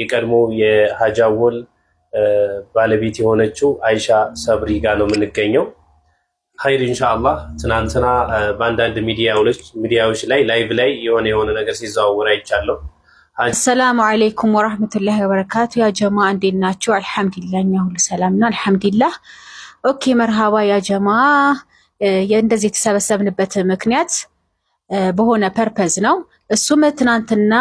የቀድሞ የሀጃወል ባለቤት የሆነችው አይሻ ሰብሪ ጋር ነው የምንገኘው። ሀይር እንሻአላ ትናንትና በአንዳንድ ሚዲያዎች ላይ ላይቭ ላይ የሆነ የሆነ ነገር ሲዘዋወር አይቻለሁ። አሰላሙ አለይኩም ወራህመቱላሂ ወበረካቱ። ያ ጀማ እንዴት ናቸው? አልሐምዱሊላህ፣ እኛ ሁሉ ሰላም ነው አልሐምዱሊላህ። ኦኬ መርሃባ ያ ጀማ። እንደዚህ የተሰበሰብንበት ምክንያት በሆነ ፐርፐዝ ነው። እሱም ትናንትና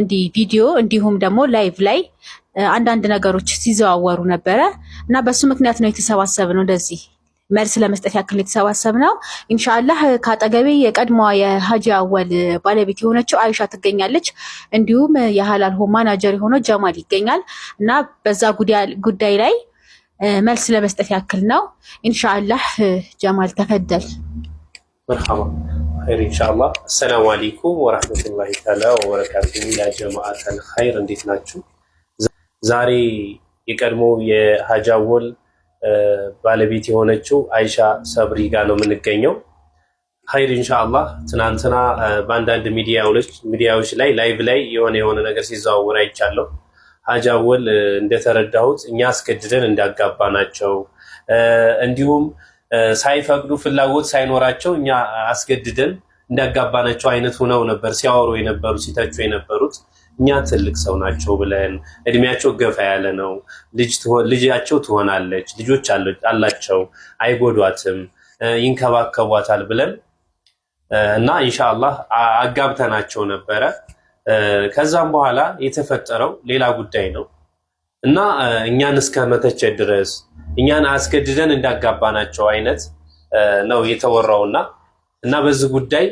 እንዲህ ቪዲዮ እንዲሁም ደግሞ ላይቭ ላይ አንዳንድ ነገሮች ሲዘዋወሩ ነበረ እና በሱ ምክንያት ነው የተሰባሰብ ነው እንደዚህ መልስ ለመስጠት ያክል የተሰባሰብ ነው። ኢንሻአላህ ከአጠገቤ የቀድሞዋ የሀጂ አወል ባለቤት የሆነችው አይሻ ትገኛለች። እንዲሁም የሀላል ሆም ማናጀር የሆነው ጀማል ይገኛል እና በዛ ጉዳይ ላይ መልስ ለመስጠት ያክል ነው። ኢንሻአላህ ጀማል ተፈደል መርሐባ ኸይር ኢንሻአላህ። አሰላሙ አለይኩም ወራህመቱላሂ ተዓላ ወበረካቱሁ። ያ ጀማዓተል ኸይር እንዴት ናችሁ? ዛሬ የቀድሞ የሀጃወል ባለቤት የሆነችው አይሻ ሰብሪ ጋር ነው የምንገኘው። ኸይር ኢንሻአላህ። ትናንትና በአንዳንድ ሚዲያዎች ላይ ላይቭ ላይ የሆነ የሆነ ነገር ሲዘዋወር አይቻለሁ። ሀጂ እንደተረዳሁት እኛ አስገድደን እንዳጋባ ናቸው እንዲሁም ሳይፈቅዱ ፍላጎት ሳይኖራቸው እኛ አስገድደን እንዳጋባናቸው አይነት ሆነው ነበር ሲያወሩ የነበሩ ሲተቹ የነበሩት። እኛ ትልቅ ሰው ናቸው ብለን እድሜያቸው ገፋ ያለ ነው፣ ልጃቸው ትሆናለች፣ ልጆች አላቸው፣ አይጎዷትም፣ ይንከባከቧታል ብለን እና ኢንሻአላህ አጋብተናቸው ነበረ። ከዛም በኋላ የተፈጠረው ሌላ ጉዳይ ነው። እና እኛን እስከ መተቸት ድረስ እኛን አስገድደን እንዳጋባናቸው አይነት ነው የተወራውና እና በዚህ ጉዳይ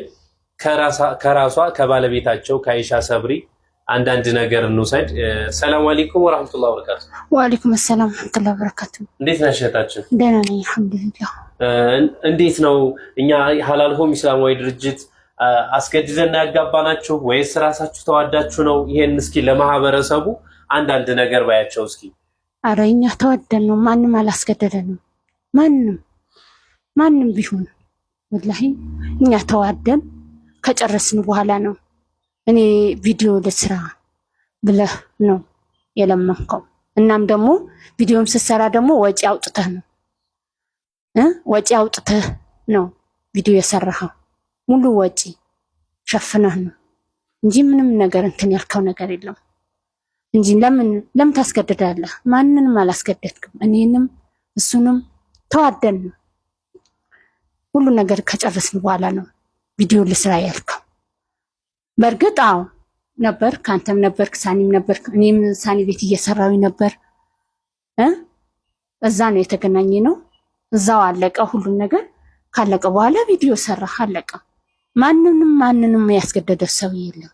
ከራሷ ከባለቤታቸው ከአይሻ ሰብሪ አንዳንድ ነገር እንውሰድ። ሰላም አለይኩም ወራህመቱላሂ ወበረካቱ። ወአለይኩም ሰላም ወራህመቱላሂ ወበረካቱ። እንዴት ነሽ እህታችን? ደህና ነኝ አልሐምዱሊላህ። እንዴት ነው እኛ ሀላል ሆም ኢስላማዊ ድርጅት አስገድደን ያጋባናችሁ ወይስ ራሳችሁ ተዋዳችሁ ነው? ይሄን እስኪ ለማህበረሰቡ አንዳንድ ነገር ባያቸው እስኪ። አረ እኛ ተወደን ነው፣ ማንም አላስገደደንም። ማንም ማንም ቢሆን ወላሂ እኛ ተዋደን ከጨረስን በኋላ ነው እኔ ቪዲዮ ልስራ ብለህ ነው የለመንከው። እናም ደግሞ ቪዲዮም ስትሰራ ደግሞ ወጪ አውጥተህ ነው ወጪ አውጥተህ ነው ቪዲዮ የሰራኸው ሙሉ ወጪ ሸፍነህ ነው እንጂ ምንም ነገር እንትን ያልከው ነገር የለም። እንጂ ለምን ለምን ታስገድዳለህ? ማንንም አላስገደድክም። እኔንም እሱንም ተዋደን ነው ሁሉ ነገር ከጨረስን በኋላ ነው ቪዲዮ ልስራ ያልከው። በእርግጥ አዎ ነበር፣ ከአንተም ነበር፣ ሳኒም ነበር፣ እኔም ሳኒ ቤት እየሰራዊ ነበር። እዛ ነው የተገናኘ ነው። እዛው አለቀ ሁሉም ነገር። ካለቀ በኋላ ቪዲዮ ሰራ፣ አለቀ። ማንንም ማንንም ያስገደደ ሰው የለም።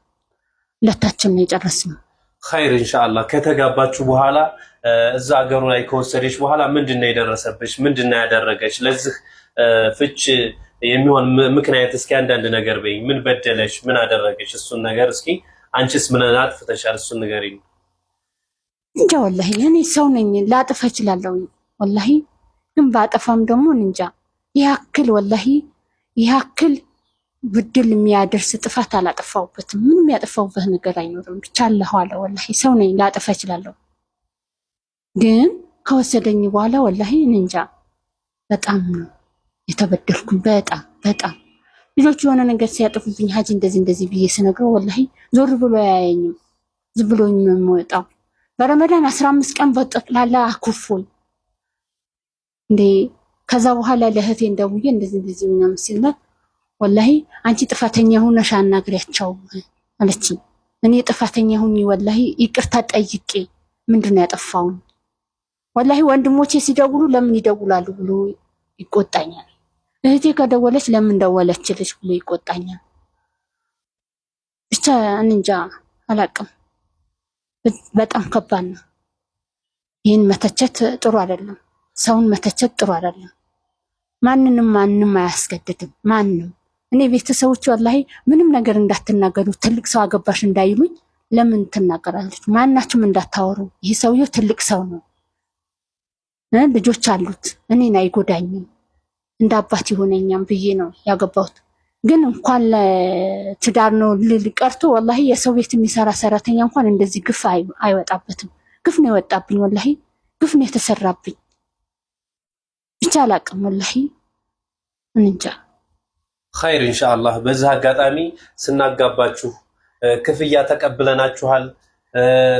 ሁለታችን ነው የጨረስነው። ኸይር ኢንሻአላህ ከተጋባችሁ በኋላ እዛ ሀገሩ ላይ ከወሰደች በኋላ ምንድን ነው የደረሰብሽ? ምንድን ነው ያደረገች? ለዚህ ፍች የሚሆን ምክንያት እስኪ አንዳንድ ነገር በይኝ። ምን በደለች? ምን አደረገች? እሱን ነገር እስኪ አንቺስ ምን አጥፍተሻል? እሱን ንገሪኝ። እንጃ ወላሂ እኔ ሰው ነኝ፣ ላጥፋ እችላለሁ። ወላሂ ግን ባጠፋም ደግሞ እንጃ ይህ ወላሂ ይህ ብድል የሚያደርስ ጥፋት አላጠፋሁበትም። ምንም ያጠፋሁበት ነገር አይኖርም። ብቻ አለኋለ ወላሂ ሰው ነኝ፣ ላጠፋ እችላለሁ። ግን ከወሰደኝ በኋላ ወላሂ እንጃ በጣም ነው የተበደልኩኝ። በጣም በጣም ልጆቹ የሆነ ነገር ሲያጠፉብኝ ሀጂ እንደዚህ እንደዚህ ብዬ ስነግረው ወላሂ ዞር ብሎ አያየኝም። ዝም ብሎኝ ነው የሚወጣው። በረመዳን አስራ አምስት ቀን በጠቅላላ አኩፎኝ እንዴ ከዛ በኋላ ለእህቴ እንደውዬ እንደዚህ እንደዚህ ምናምን ሲልነት ወላሂ አንቺ ጥፋተኛ ሆነሽ አናግሪያቸውም አለች እኔ ጥፋተኛ ሁኝ ወላሂ ይቅርታ ጠይቄ ምንድን ነው ያጠፋውን ወላሂ ወንድሞቼ ሲደውሉ ለምን ይደውላሉ ብሎ ይቆጣኛል። እህቴ ከደወለች ለምን ደወለችልሽ ብሎ ይቆጣኛል። ብቻ እንጃ አላቅም። በጣም ከባድ ነው። ይህን መተቸት ጥሩ አይደለም። ሰውን መተቸት ጥሩ አይደለም። ማንንም ማንም አያስገድድም ማንም እኔ ቤተሰቦች ወላሂ ምንም ነገር እንዳትናገሩ ትልቅ ሰው አገባሽ እንዳይሉኝ ለምን ትናገራለች? ማናችሁም እንዳታወሩ። ይህ ሰውየው ትልቅ ሰው ነው፣ ልጆች አሉት፣ እኔን አይጎዳኝም፣ እንደ አባት የሆነኛም ብዬ ነው ያገባሁት። ግን እንኳን ለትዳር ነው ልል ቀርቶ ወላሂ የሰው ቤት የሚሰራ ሰራተኛ እንኳን እንደዚህ ግፍ አይወጣበትም። ግፍ ነው የወጣብኝ፣ ወላሂ ግፍ ነው የተሰራብኝ። ብቻ አላቅም ወላሂ እንጃ ኸይር ኢንሻአላህ። በዚህ አጋጣሚ ስናጋባችሁ ክፍያ ተቀብለናችኋል።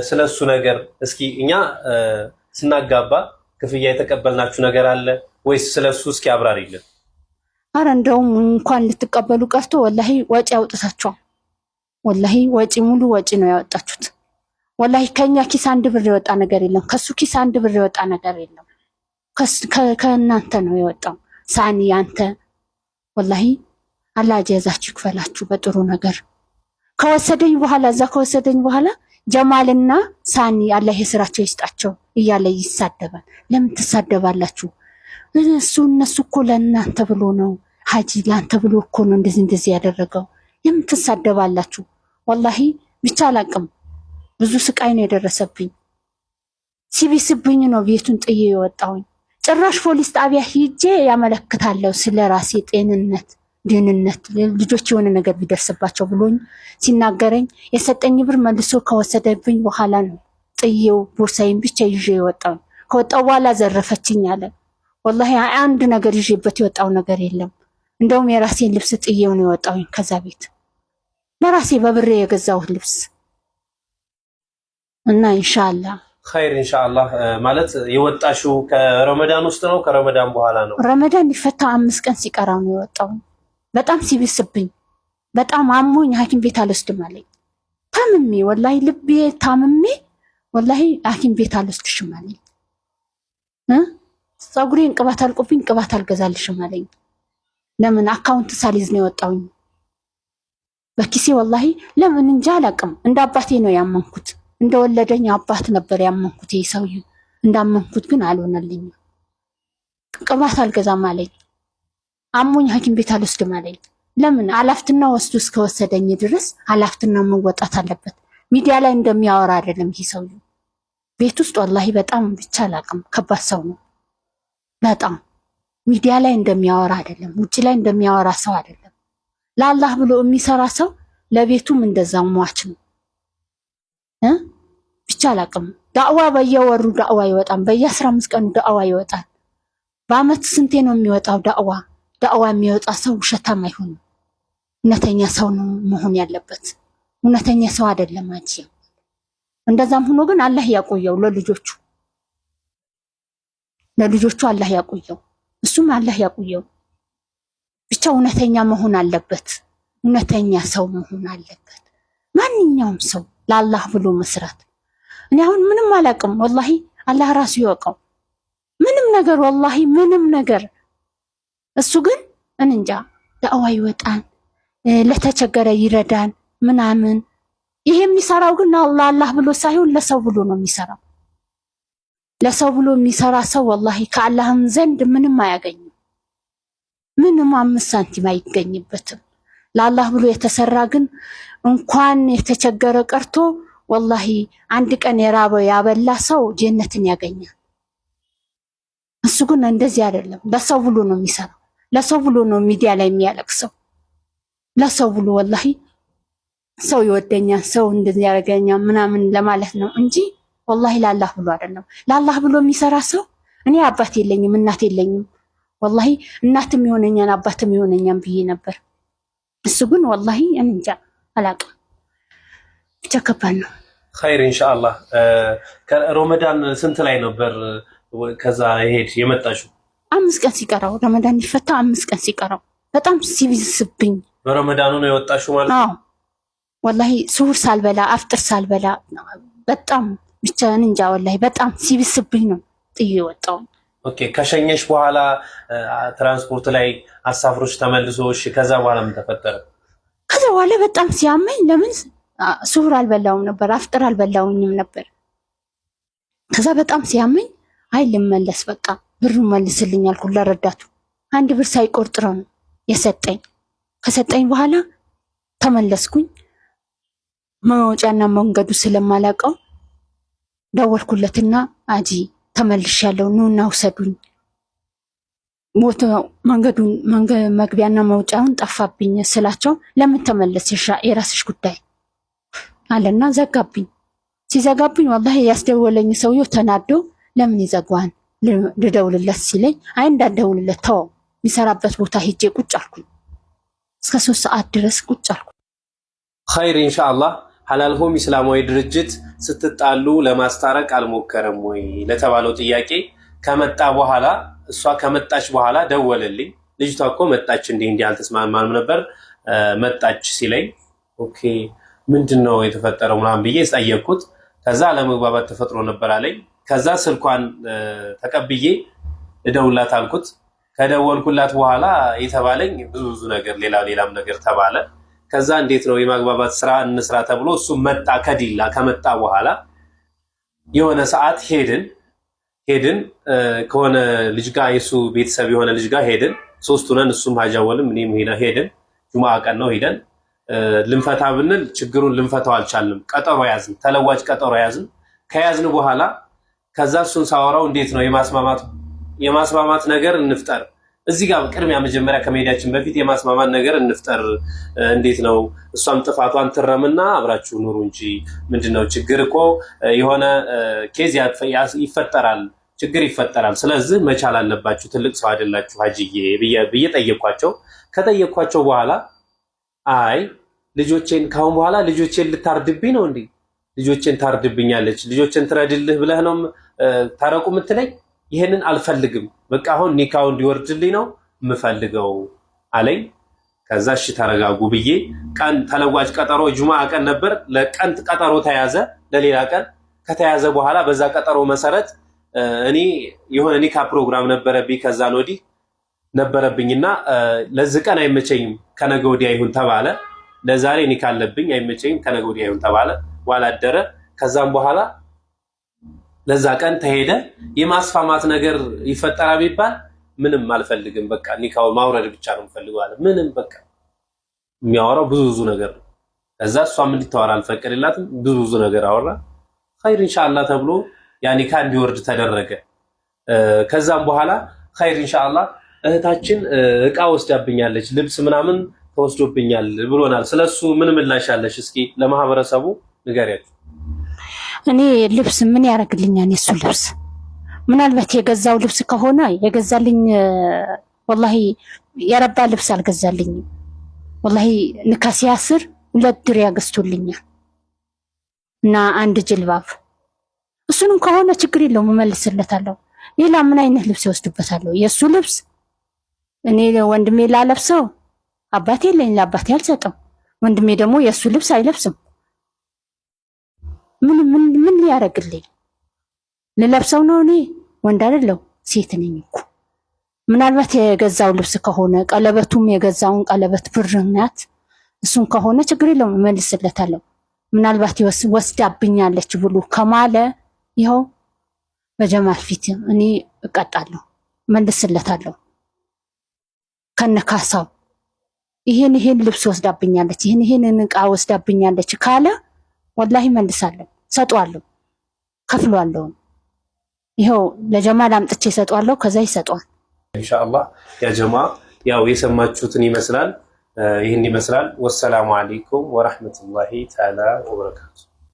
ስለሱ ነገር እስኪ እኛ ስናጋባ ክፍያ የተቀበልናችሁ ነገር አለ ወይስ ስለሱ እስኪ አብራሪልን። አረ እንደውም እንኳን ልትቀበሉ ቀርቶ ወላሂ ወጪ ያውጥታችኋል። ወላሂ ወጪ ሙሉ ወጪ ነው ያወጣችሁት። ወላሂ ከኛ ኪስ አንድ ብር የወጣ ነገር የለም። ከሱ ኪስ አንድ ብር የወጣ ነገር የለም። ከእናንተ ነው የወጣው። ሳኒ አንተ ወላሂ አላህ ጀዛችሁ ይክፈላችሁ በጥሩ ነገር። ከወሰደኝ በኋላ እዛ ከወሰደኝ በኋላ ጀማልና ሳኒ አላህ የስራቸው ይስጣቸው እያለ ይሳደባል። ለምን ትሳደባላችሁ? እሱ እነሱ እኮ ለእናንተ ብሎ ነው ሀጂ፣ ለአንተ ብሎ እኮ ነው እንደዚህ እንደዚህ ያደረገው። ለምን ትሳደባላችሁ? ወላሂ ብቻ አላቅም። ብዙ ስቃይ ነው የደረሰብኝ። ሲቢስብኝ ነው ቤቱን ጥዬ የወጣውኝ። ጭራሽ ፖሊስ ጣቢያ ሂጄ ያመለክታለሁ ስለ ራሴ ጤንነት ድህንነት ልጆች የሆነ ነገር ቢደርስባቸው ብሎኝ ሲናገረኝ የሰጠኝ ብር መልሶ ከወሰደብኝ በኋላ ነው ጥዬው ቦርሳዬን ብቻ ይዤ የወጣው። ከወጣው በኋላ ዘረፈችኝ አለ። ወላሂ አንድ ነገር ይዤበት የወጣው ነገር የለም። እንደውም የራሴን ልብስ ጥዬው ነው የወጣውኝ ከዛ ቤት በራሴ በብሬ የገዛሁት ልብስ እና እንሻላ ኸይር ኢንሻአላ። ማለት የወጣሽው ከረመዳን ውስጥ ነው? ከረመዳን በኋላ ነው? ረመዳን ሊፈታ አምስት ቀን ሲቀራ ነው የወጣው። በጣም ሲብስብኝ በጣም አሞኝ ሐኪም ቤት አልወስድም አለኝ። ታምሜ ወላሂ ልቤ ታምሜ ወላሂ ሐኪም ቤት አልወስድሽም አለኝ። ፀጉሬን ቅባት አልቆብኝ ቅባት አልገዛልሽም አለኝ። ለምን አካውንት ሳሊዝ ነው የወጣውኝ በኪሴ ወላሂ ለምን እንጃ አላቅም። እንደ አባቴ ነው ያመንኩት። ወለደኝ አባት ነበር ያመንኩት። ይህ ሰውዬ እንዳመንኩት ግን አልሆነልኝም። ቅባት አልገዛም አለኝ። አሞኝ ሐኪም ቤት አልወስድም አለኝ። ለምን አላፍትና ወስዱ እስከወሰደኝ ድረስ አላፍትና መወጣት አለበት። ሚዲያ ላይ እንደሚያወራ አይደለም ይህ ሰው። ቤት ውስጥ ወላሂ በጣም ብቻ አላቅም፣ ከባድ ሰው ነው በጣም ሚዲያ ላይ እንደሚያወራ አይደለም፣ ውጭ ላይ እንደሚያወራ ሰው አይደለም። ለአላህ ብሎ የሚሰራ ሰው ለቤቱም እንደዛ ሟች ነው ብቻ አላቅም። ዳዕዋ በየወሩ ዳዕዋ ይወጣል፣ በየአስራ አምስት ቀኑ ዳዕዋ ይወጣል። በአመት ስንቴ ነው የሚወጣው ዳዕዋ? ዳዕዋ የሚወጣ ሰው ውሸታም አይሆንም። እውነተኛ ሰው መሆን ያለበት። እውነተኛ ሰው አይደለም አንቺ። እንደዛም ሆኖ ግን አላህ ያቆየው ለልጆቹ ለልጆቹ አላህ ያቆየው፣ እሱም አላህ ያቆየው። ብቻ እውነተኛ መሆን አለበት። እውነተኛ ሰው መሆን አለበት። ማንኛውም ሰው ለአላህ ብሎ መስራት። እኔ አሁን ምንም አላውቅም ወላሂ፣ አላህ ራሱ ይወቀው። ምንም ነገር ወላሂ፣ ምንም ነገር እሱ ግን እንንጃ ዳዕዋ ይወጣን ለተቸገረ ይረዳን ምናምን። ይሄ የሚሰራው ግን አላህ ብሎ ሳይሆን ለሰው ብሎ ነው የሚሰራው። ለሰው ብሎ የሚሰራ ሰው ወላሂ ከአላህም ዘንድ ምንም አያገኝም፣ ምንም አምስት ሳንቲም አይገኝበትም። ለአላህ ብሎ የተሰራ ግን እንኳን የተቸገረ ቀርቶ ወላሂ አንድ ቀን የራበው ያበላ ሰው ጀነትን ያገኛል። እሱ ግን እንደዚህ አይደለም፣ ለሰው ብሎ ነው የሚሰራው። ለሰው ብሎ ነው ሚዲያ ላይ የሚያለቅሰው። ለሰው ብሎ ወላሂ ሰው ይወደኛል፣ ሰው እንደዚህ ያደርገኛል ምናምን ለማለት ነው እንጂ ወላሂ ለአላህ ብሎ አይደለም። ላላህ ብሎ የሚሰራ ሰው እኔ አባት የለኝም እናት የለኝም ወላሂ እናትም የሆነኛን አባትም የሆነኛን ብዬ ነበር። እሱ ግን ወላሂ እንጃ አላቅም። ብቻ ከባድ ነው። ኸይር ኢንሻአላህ። ከረመዳን ስንት ላይ ነበር ከዛ ሄድ የመጣሽው? አምስት ቀን ሲቀረው ረመዳን ይፈታ፣ አምስት ቀን ሲቀረው በጣም ሲብዝብኝ በረመዳኑ ነው የወጣሽው ማለት ነው። ወላሂ ስሁር ሳልበላ አፍጥር ሳልበላ በጣም ብቻ እንጃ ወላሂ በጣም ሲብስብኝ ነው ጥዬ የወጣው። ኦኬ ከሸኘሽ በኋላ ትራንስፖርት ላይ አሳፍሮች ተመልሶ እሺ፣ ከዛ በኋላ ምን ተፈጠረ? ከዛ በኋላ በጣም ሲያመኝ ለምን ስሁር አልበላውም ነበር አፍጥር አልበላውኝም ነበር። ከዛ በጣም ሲያመኝ አይ ልመለስ በቃ ብሩን መልስልኝ አልኩ ረዳቱ አንድ ብር ሳይቆርጥሮ ነው የሰጠኝ። ከሰጠኝ በኋላ ተመለስኩኝ። መውጫና መንገዱ ስለማላውቀው ደወልኩለትና አጂ ተመልሻለሁ፣ ኑና ውሰዱኝ፣ መንገዱን መግቢያና መውጫውን ጠፋብኝ ስላቸው ለምን ተመለስሽ የራስሽ ጉዳይ አለና ዘጋብኝ። ሲዘጋብኝ ወላሂ ያስደወለኝ ሰውየው ተናዶ ለምን ይዘጓዋል ልደውልለት ሲለኝ አይ እንዳደውልለት ተው የሚሰራበት ቦታ ሂጄ ቁጭ አልኩኝ። እስከ ሶስት ሰዓት ድረስ ቁጭ አልኩኝ። ኸይር ኢንሻአላህ። ሀላል ሆም ኢስላማዊ ድርጅት ስትጣሉ ለማስታረቅ አልሞከረም ወይ ለተባለው ጥያቄ ከመጣ በኋላ እሷ ከመጣች በኋላ ደወለልኝ። ልጅቷ እኮ መጣች እንዲህ እንዲህ አልተስማማንም ነበር መጣች ሲለኝ ኦኬ ምንድን ነው የተፈጠረው ምናምን ብዬ ስጠየቅኩት ከዛ አለመግባባት ተፈጥሮ ነበር አለኝ። ከዛ ስልኳን ተቀብዬ እደውላት አልኩት። ከደወልኩላት በኋላ የተባለኝ ብዙ ብዙ ነገር ሌላ ሌላም ነገር ተባለ። ከዛ እንዴት ነው የማግባባት ስራ እንስራ ተብሎ እሱ መጣ ከዲላ ከመጣ በኋላ የሆነ ሰዓት ሄድን ሄድን ከሆነ ልጅ ጋር የሱ ቤተሰብ የሆነ ልጅ ጋር ሄድን። ሶስቱ ነን፣ እሱም ሀጃወልም እኔም ሄድን። ጁማ ቀን ነው ሄደን ልንፈታ ብንል ችግሩን ልንፈታው አልቻልንም። ቀጠሮ ያዝን፣ ተለዋጭ ቀጠሮ ያዝን። ከያዝን በኋላ ከዛ እሱን ሳወራው እንዴት ነው የማስማማት የማስማማት ነገር እንፍጠር። እዚህ ጋር ቅድሚያ መጀመሪያ ከመሄዳችን በፊት የማስማማት ነገር እንፍጠር። እንዴት ነው እሷም ጥፋቷን ትረምና አብራችሁ ኑሩ እንጂ ምንድን ነው ችግር እኮ የሆነ ኬዝ ይፈጠራል፣ ችግር ይፈጠራል። ስለዚህ መቻል አለባችሁ፣ ትልቅ ሰው አይደላችሁ ሀጅዬ ብዬ ጠየኳቸው። ከጠየኳቸው በኋላ አይ ልጆቼን ካሁን በኋላ ልጆቼን ልታርድብኝ ነው እንዴ ልጆችን ታርድብኛለች፣ ልጆችን ትረድልህ ብለህ ነው ታረቁ የምትለኝ? ይህንን አልፈልግም። በቃ አሁን ኒካው እንዲወርድልኝ ነው የምፈልገው አለኝ። ከዛ እሺ ተረጋጉ ብዬ ቀን ተለዋጭ ቀጠሮ ጁማ ቀን ነበር። ለቀን ቀጠሮ ተያዘ፣ ለሌላ ቀን ከተያዘ በኋላ በዛ ቀጠሮ መሰረት እኔ የሆነ ኒካ ፕሮግራም ነበረብኝ። ከዛን ወዲህ ነበረብኝና ለዚህ ቀን አይመቸኝም፣ ከነገ ወዲያ ይሁን ተባለ። ለዛሬ ኒካ አለብኝ፣ አይመቸኝም፣ ከነገ ወዲያ ይሁን ተባለ። ዋላደረ ከዛም በኋላ ለዛ ቀን ተሄደ። የማስፋማት ነገር ይፈጠራ ቢባል ምንም አልፈልግም፣ በቃ ኒካው ማውረድ ብቻ ነው የምፈልገው አለ። ምንም በቃ የሚያወራው ብዙ ብዙ ነገር ነው። ከዛ እሷም እንዲታወራ አልፈቀድላትም። ብዙ ብዙ ነገር አወራ። ኸይር እንሻላ ተብሎ ያ ኒካ እንዲወርድ ተደረገ። ከዛም በኋላ ኸይር እንሻላ እህታችን እቃ ወስዳብኛለች፣ ልብስ ምናምን ተወስዶብኛል ብሎናል። ስለሱ ምን ምላሽ አለሽ? እስኪ ለማህበረሰቡ ንገሪያቸው። እኔ ልብስ ምን ያደርግልኛል? የሱ ልብስ ምናልባት የገዛው ልብስ ከሆነ የገዛልኝ ወላሂ የረባ ልብስ አልገዛልኝም። ወላሂ ንካስ ያስር ሁለት ድር ያገዝቶልኛል እና አንድ ጅልባብ። እሱንም ከሆነ ችግር የለውም እመልስለታለሁ። ሌላ ምን አይነት ልብስ ይወስድበታለሁ? የእሱ ልብስ እኔ ወንድሜ ላለብሰው አባቴ የለኝ፣ ለአባቴ አልሰጠው። ወንድሜ ደግሞ የእሱ ልብስ አይለብስም። ምን ምን ምን ሊያደርግልኝ ልለብሰው ነው? እኔ ወንድ አይደለሁ ሴት ነኝ እኮ። ምናልባት የገዛው ልብስ ከሆነ ቀለበቱም የገዛውን ቀለበት ብር ናት። እሱን ከሆነ ችግር የለውም እመልስለታለሁ። ምናልባት ወስዳብኛለች ብሎ ከማለ ይኸው በጀማል ፊት እኔ እቀጣለሁ፣ እመልስለታለሁ ከነካሳው። ይሄን ይሄን ልብስ ወስዳብኛለች፣ ይሄን ይሄን እቃ ወስዳብኛለች ካለ ወላሂ መልሳለሁ፣ ሰጧለሁ፣ ከፍሏለሁ። ይኸው ለጀማል አምጥቼ ሰጧለሁ፣ ከዛ ይሰጧል። ኢንሻአላህ ያ ጀማ ያው የሰማችሁትን ይመስላል፣ ይህን ይመስላል። ወሰላሙ አለይኩም ወራህመቱላሂ ተዓላ ወበረካቱ።